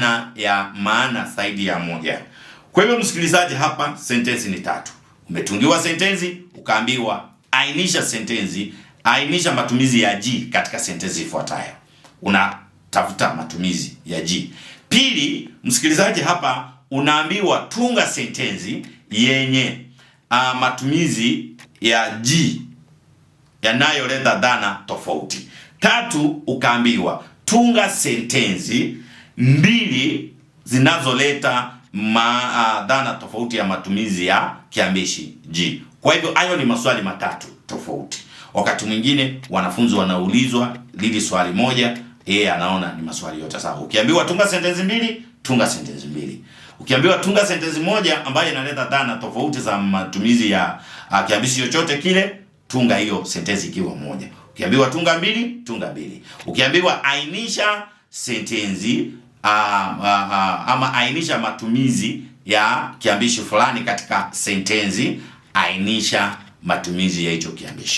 na ya maana zaidi ya moja. Kwa hivyo, msikilizaji, hapa sentensi ni tatu. Umetungiwa sentensi ukaambiwa ainisha sentensi, ainisha matumizi ya ji katika sentensi ifuatayo. Unatafuta matumizi ya ji. Pili, msikilizaji, hapa unaambiwa tunga sentensi yenye a, ah, matumizi ya ji yanayoleta dhana tofauti. Tatu, ukaambiwa tunga sentensi mbili zinazoleta ah, dhana tofauti ya matumizi ya kiambishi G. Kwa hivyo hayo ni maswali matatu tofauti. Wakati mwingine wanafunzi wanaulizwa lili swali moja, yeye anaona ni maswali yote sawa. Ukiambiwa tunga sentensi mbili, tunga sentensi mbili. Ukiambiwa tunga sentensi moja ambayo inaleta dhana tofauti za matumizi ya uh, kiambishi chochote kile, tunga hiyo sentensi ikiwa moja. Ukiambiwa tunga mbili, tunga mbili. Ukiambiwa ainisha sentensi Ah, ah, ah, ama ainisha matumizi ya kiambishi fulani katika sentensi, ainisha matumizi ya hicho kiambishi.